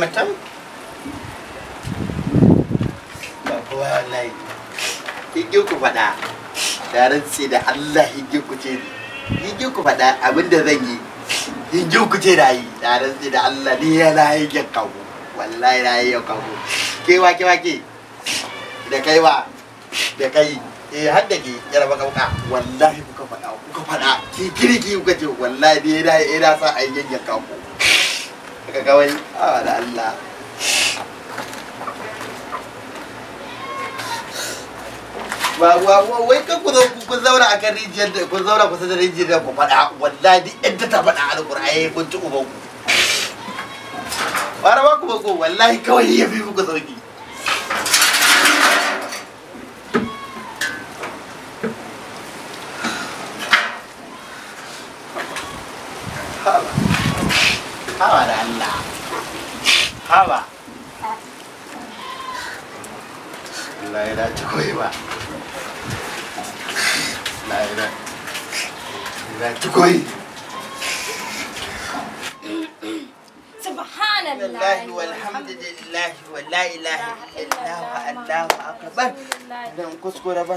mata ba kowa wallahi higin da ce da Allah higin ku ce higin ku faɗa abinda zan yi higin ku ce da yi da ce da Allah ni ya na higin kawo wallahi na higin kawo kewa kewa ke da kaiwa da kai eh har da ke yara baka baka wallahi kuka faɗa kuka faɗa ki kirki kuka ce wallahi ne ya na sa a yi yankan kawo ka kawai wani a da Allah ba ba wai kan ku zo kun zaura a kan rijiyar da kun zaura kusa da rijiyar da ku faɗa wallahi duk yadda ta faɗa alƙur'ani kun ci uban ku bara ba ku ba ku wallahi kawai ya fi muku sauki Hello. haba da Allah haba Allah ya dace koyi ba Allah ya dace koyi subhanallahi walhamdulillahi wala ilaha illallah Allahu akbar dan kuskure ba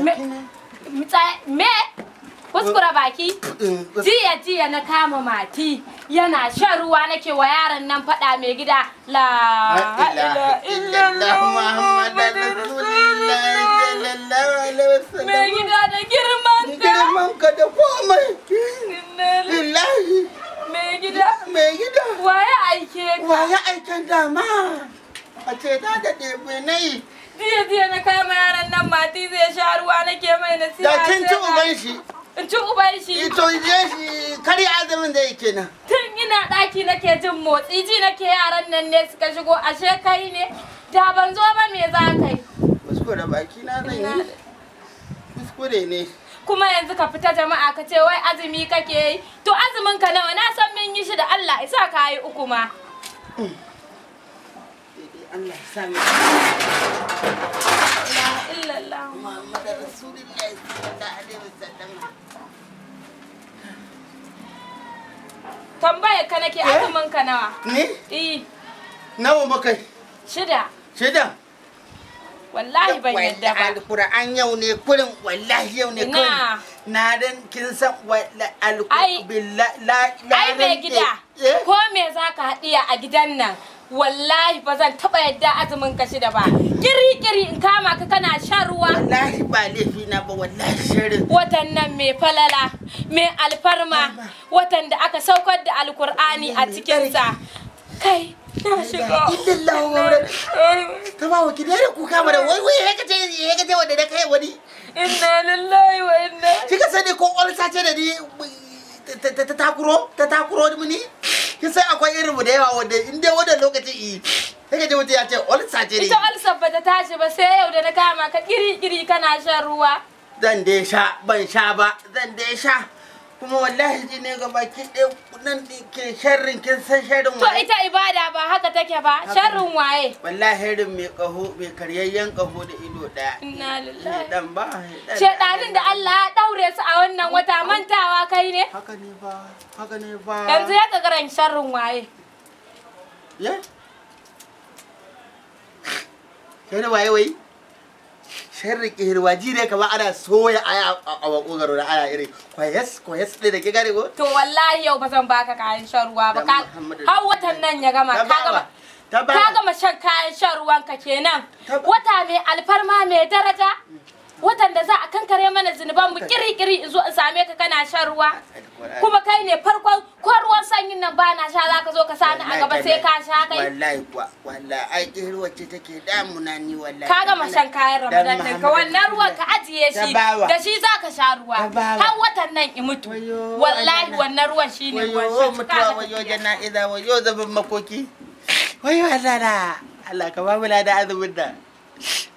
me kuskura baki eh, jiya jiya na kama mati yana shan ruwa nake wa yaran nan faɗa mai gida la Muhammadu mai gida da girman ka girman ka da komai lillahi mai gida mai gida waye aike ka waye aiken dama a ce da da ɗebe na yi jiya jiya na kama yaran nan mati zai sha ruwa nake mai nasiha da kin ci uban shi ci uban shi eh, to je shi Kar yi azumin da yake nan tun ina ɗaki nake jin motsi ji nake yaran nan ne suka shigo ashe kai ne da ban zo ba me za ka yi kuskure baki na zan yi kuskure ne kuma yanzu ka fita jama'a ka ce wai azumi kake yi to azumin ka nawa na san mun yi shi da Allah isa ka yi uku ma Allah ya sami la illallah muhammadar rasulullahi sallallahu alaihi wasallam tambaya ka nake eh? azumin ka nawa ni eh nawa makai shida shida wallahi ban yadda ba alquran yau ne kurin wallahi yau ne kurin na dan kin san alquran billahi la ilaha la ai me gida eh? ko me zaka hadiya a gidan nan wallahi ba zan taba yadda azumin ka shida ba kiri kiri in kama ka kana shan ruwa wallahi ba laifi na ba wallahi shirin watan nan mai falala mai alfarma watan da aka saukar da alkur'ani a cikin sa kai na shiga illallahu mawra tama wa kidare ku kama da wai wai haka ce haka ce wanda da kai wani inna lillahi wa inna kika sani ko ulsa ce da ni ta takuro ta takuro ni sai akwai irin mu da yawa wanda in dai wannan lokaci i sai ka ji mutum ya ce olsa ce ne ita olsa ba ta tashi ba sai yau da na kama ka kiri kiri kana shan ruwa zan dai sha ban sha ba zan dai sha kuma wallahi ji ne ga baki ɗaya nan ke sharrin kin san sharrin waye. To ita ibada ba haka take ba sharrin waye. Wallahi sharrin mai kaho mai karyayyen kaho da ido ɗaya. Inna lillahi. Dan ba. Shedanin da Allah ya daure su a wannan wata mantawa kai ne. Haka ne ba haka ne ba. Yanzu ya ga garan sharrin waye. Ye? Sharrin waye wai? sharri hirwa jire ka ba ana soya aya a wakogaro da aya iri kwayas kwayes ɗin da ke gare ko to wallahi yau ba zan baka kayan shan ruwa ba ka har watan nan ya gama ka gama ka gama shan kayan shan ruwan ka kenan wata mai alfarma mai daraja watan da za a kankare mana zunuban mu kiri kiri in zo in same ka kana shan ruwa kuma kai ne farkon nan ba na sha za ka zo ka sa ni a gaba sai ka sha kai wallahi kuwa wallahi ai dai ruwa ce take damuna ni wallahi ka gama shan kayan ramadan din ka wannan ruwan ka ajiye shi da shi za ka sha ruwa har watan nan i mutu wallahi wannan ruwan shi ne shine ruwan mutuwa wayo jana'iza wayo zaban makoki wayo Allah na Allah ka ba mu da azumin da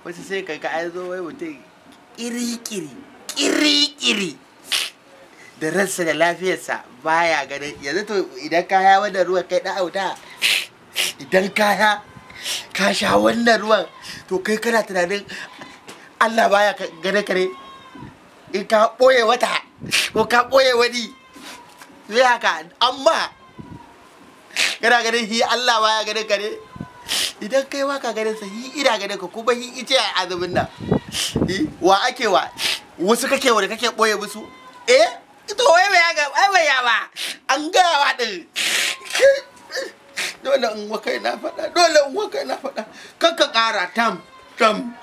wasu sai ka ka aizo wai mutum kiri kiri kiri kiri da ransa da lafiyarsa baya ganin yanzu to idan kaya wannan ruwan kai da auta idan kaya ka sha wannan ruwan to kai kana tunanin Allah baya ganin ka ne in ka ɓoye wata ko ka ɓoye wani zai haka amma kana ganin hi Allah baya ganin ka ne idan kai ma ka ganin sa hi ina ganin ka kuma hi ice a azumin nan wa ake wa wasu kake wa da kake ɓoye musu eh to wai ya ga ai wai ya an ga wa din dole in wakai na faɗa dole in wakai na faɗa kar ka ƙara tam tam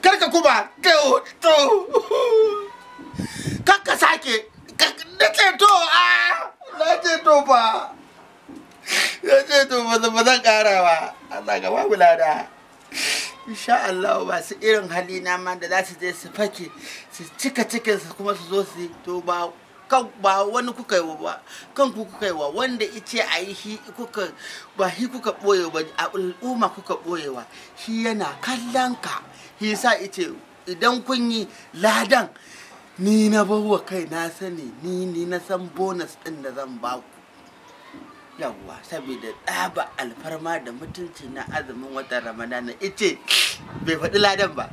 kar ka kuma to to kar ka sake na ce to a na ce to ba na ce to ba zan ƙara ba Allah ga babu lada insha Allah ba su irin halina ma da za su je su fake su cika cikin su kuma su zo su yi to ba kan ba wani kuka yi ba kan ku kuka yi wa wanda yace a yi shi kuka ba shi kuka boye ba al'umma kuka boyewa shi yana kallon ka shi sa yace idan kun yi ladan ni na bawa kai na sani ni ni na san bonus din da zan ba ku. yawwa saboda ɗaba alfarma da mutunci na azumin watan ramadana ice bai faɗi ladan ba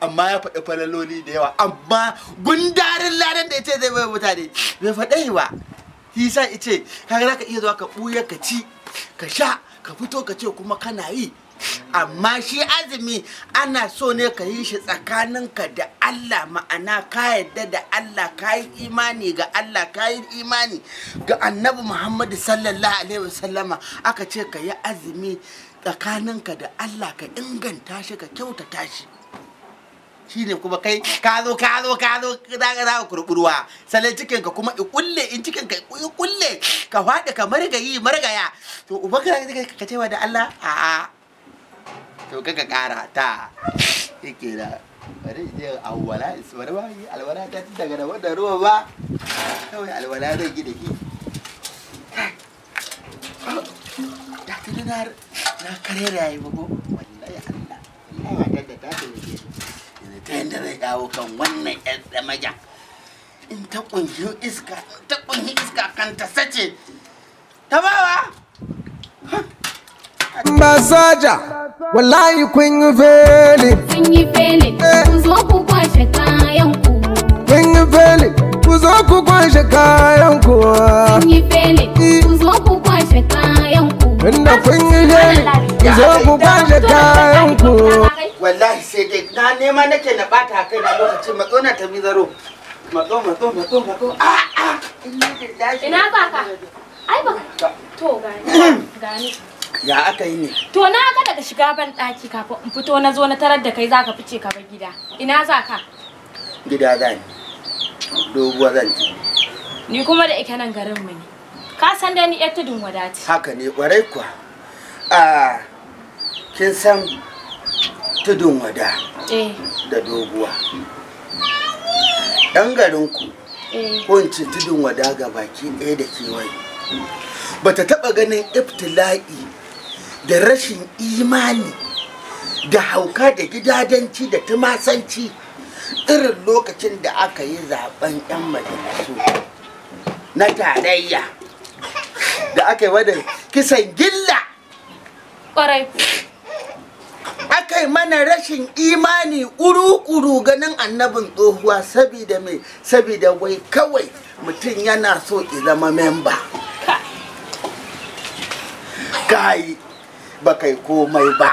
amma ya faɗi falaloli da yawa amma gundarin ladan da ice zai bai mutane bai faɗi ba shi sa ice kaga ka iya zuwa ka ɓuya ka ci ka sha ka fito ka ce kuma kana yi amma shi azumi ana so ne ka yi shi tsakaninka da Allah ma'ana ka yadda da Allah ka yi imani ga Allah ka yi imani ga annabi Muhammadu sallallahu alaihi wasallama aka ce ka yi azumi tsakaninka da Allah ka inganta shi ka kyautata shi shi ne kuma kai ka zo ka zo ka zo za ka kurburwa salon cikin kuma ikulle in cikin ka ikulle ka faɗi ka margayi margaya to uba ka ka cewa da Allah a'a to kaka kara ta yake da bari je awwala isbar ba yi alwala ta ci daga da wannan ruwa ba kawai alwala zai yi da shi da tuni na kare kare ba ko wallahi Allah wallahi wadda ta ta yake ne ta yanda zai kawo kan wannan yar da majan in ta kunshi iska in ta kunshi iska kan ta sace ta bawa Basaja. wallahi kun yi fele kun yi fele eh. ku zo ku kwashe kayan ku kun yi fele eh. ku zo ku kwashe kayan ku kun yi fele ku zo ku kwashe kayan ku inda kun yi fele ku zo ku kwashe kayan ku wallahi sai dai na nema nake na bata kai na lokacin matsona ta mizaro matso matso matso matso ah, ah. a a ina za ka ai ba to gani gani ya aka yi ne to na ga daga shiga ban daki kafin in fito na zo na tarar da kai zaka fice ka bar gida ina za ka gida za ni doguwa zan ci ni kuma da ike nan garin mu ne ka san da ni yar tudun wadati haka ne kwarai kuwa a kin san tudun wada eh da doguwa dan garin ku eh. ko in ce tudun wada ga baki ɗaya da kewaye bata taba ganin iftila'i da rashin imani da hauka da gidadanci da tumasanci irin lokacin da aka yi zaben 'yan majalisu na tarayya da aka yi wadda kisan gilla ƙwarai aka yi mana rashin imani uru-uru, ganin annabin tsohuwa saboda mai saboda wai kawai mutum yana so zama memba. Kayi. ba kai komai ba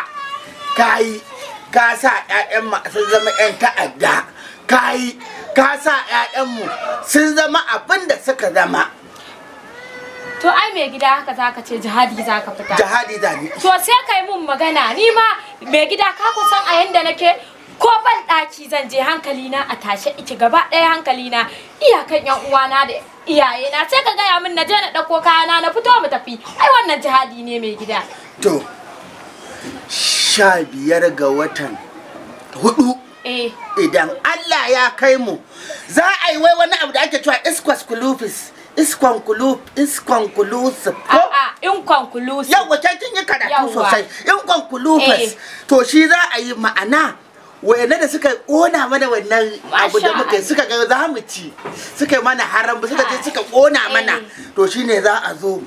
ka yi ka sa 'ya'yan sun zama 'yan ta'adda ka yi ka sa 'ya'yanmu sun zama abin da suka zama to ai mai gida haka zaka ce jihadi zaka fita jihadi da ni to sai kai mun magana ni ma mai gida ka kusan a yanda nake ko ban daki zan je hankali na a tashe iki gaba ɗaya hankali na iyakan yan uwana da iyaye na sai ka gaya min na je na ɗauko kayana na fito mu tafi ai wannan jihadi ne mai gida to sha biyar ga watan hudu eh. idan Allah ya kai mu za a yi wai wani abu da ake cewa iskwas kulufis iskwan kuluf iskwan kulus ko kwan kulus yau wace kin yi karatu sosai kwan kulufis eh. to shi za a yi ma'ana wayanne da suka ƙona mana wannan abu da muka suka ga za mu ci suka yi mana haram suka je suka ƙona mana eh. to shine za a zo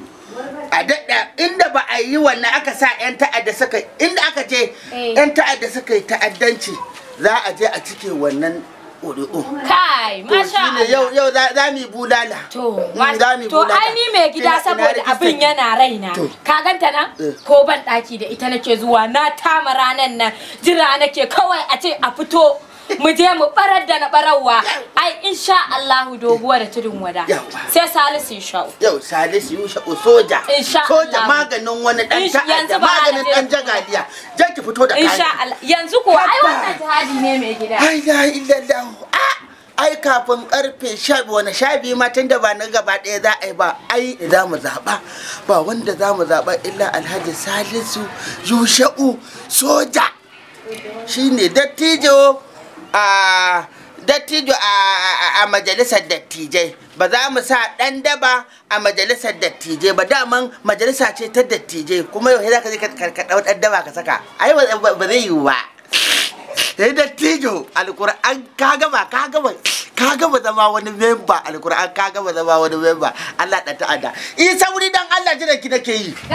adada inda ba a yi wannan aka sa 'yan ta'adda suka inda aka je 'yan eh. ta'adda suka yi ta'addanci za a je a cike wannan ƙuri'u. Kai, masha Allah. Yau yau za mu bulala. To, mm, to ai ni mai gida saboda abin yana raina. Ka ganta nan? Eh. Ko ban daki da ita nake zuwa na tama ranan nan jira nake kawai a ce a fito mu je mu farar da na barawa ai insha Allahu doguwa da tudun wada sai Salisu sha'u yau Salisu sha'u soja soja maganin wani dan ta'adda maganin dan jagadiya je ki fito da kai insha Allah yanzu ko ai wannan jihadi ne mai gida ai la illallah ai kafin karfe sha wani sha biyu ma tunda ba na gaba ɗaya za a yi ba ai za mu zaɓa ba wanda za mu zaɓa illa alhaji salisu yusha'u soja shine dattijo a dattijo a majalisar dattijai ba za mu sa ɗan daba a majalisar dattijai ba daman majalisa ce ta dattijai kuma yau za ka je ka ɗau ɗan daba ka saka ai ba zai yi ba sai dattijo alkur'an ka gaba ka gaba ka gaba zama wani memba alkur'an ka gaba zama wani memba Allah ɗan ta'ada in sauri dan Allah jiran ki nake yi